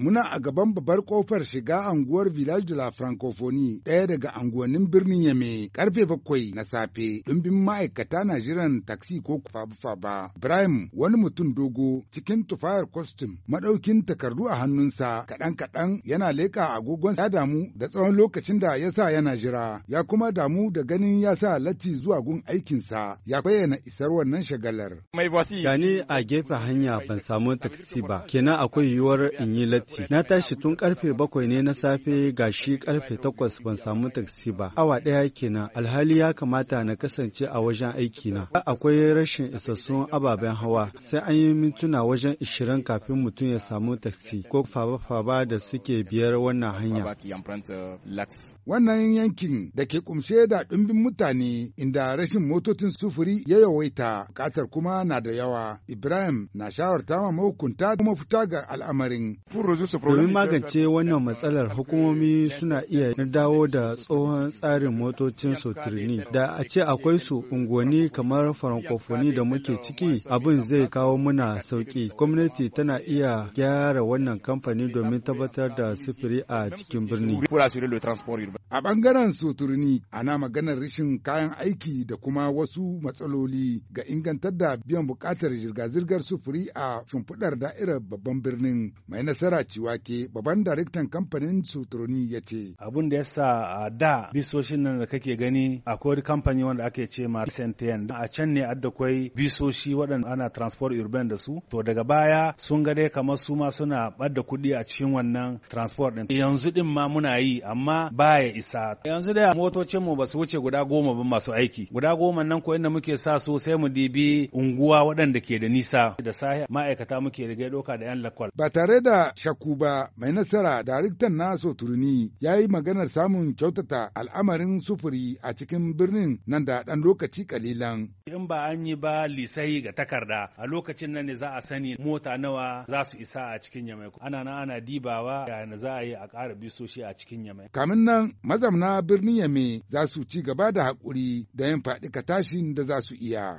Muna a gaban babbar kofar shiga anguwar Village de la Francophonie ɗaya daga anguwannin birnin Yame karfe bakwai na safe ɗumbin ma'aikata na jiran taksi ko faba ba Ibrahim wani mutum dogo cikin tufayar kwastum maɗaukin takardu a hannunsa kaɗan-kaɗan yana leƙa agogon ya damu da tsawon lokacin da ya sa yana jira ya kuma damu da ganin ya sa latti zuwa gun aikinsa ya bayyana isar wannan shagalar. ni a gefe hanya ban samu taksi ba kenan akwai yiwuwar in yi latti Na tashi tun karfe bakwai ne na safe ga shi karfe takwas ban samu taksi ba. Awa ɗaya kenan alhali ya kamata na kasance a wajen aiki na. Akwai rashin isassun ababen hawa sai an yi mintuna wajen ishirin kafin mutum ya samu taksi ko faba-faba da suke biyar wannan hanya. Wannan yankin da ke kumshe da ɗumbin mutane inda rashin motocin sufuri ya yawaita bukatar kuma na da yawa. Ibrahim na shawarta ma mahukunta kuma fita ga al'amarin. Domin magance wannan matsalar hukumomi suna iya dawo da tsohon tsarin motocin sotirini. Da a ce akwai su unguwanni kamar farankofoni da muke ciki abin zai kawo muna sauki. Gwamnati tana iya gyara wannan kamfani domin tabbatar da sufuri a cikin birni. A ɓangaren soturni ana maganar rashin kayan aiki da kuma wasu matsaloli ga ingantar da biyan buƙatar zirga-zirgar sufuri a shimfiɗar da'irar babban birnin. Mai nasara ciwake ke babban daraktan kamfanin soturni ya ce. Abin da ya sa a da bisoshin nan da kake gani akwai kamfani wanda ake ce ma Sentien. A can ne adda kwai bisoshi waɗanda ana transport urban da su. To daga baya sun ga dai kamar su ma suna ɓadda kuɗi a cikin wannan transport ɗin. Yanzu din ma muna yi amma baya isa yanzu da motocin mu basu wuce guda goma ba masu aiki guda goma nan ko inda muke sa su sai mu dibi unguwa waɗanda ke da nisa da sahi ma'aikata muke riga doka da yan lakwal ba tare da shakku ba mai nasara daraktan na turni ya yi maganar samun kyautata al'amarin sufuri a cikin birnin nan da ɗan lokaci kalilan in ba an yi ba lisai ga takarda a lokacin nan ne za a sani mota nawa za su isa a cikin yamai ana na ana dibawa yana za a yi a ƙara bisoshi a cikin yamai kamin nan mazamna birnin Yame za su ci gaba da haƙuri da yin faɗi tashin da za su iya.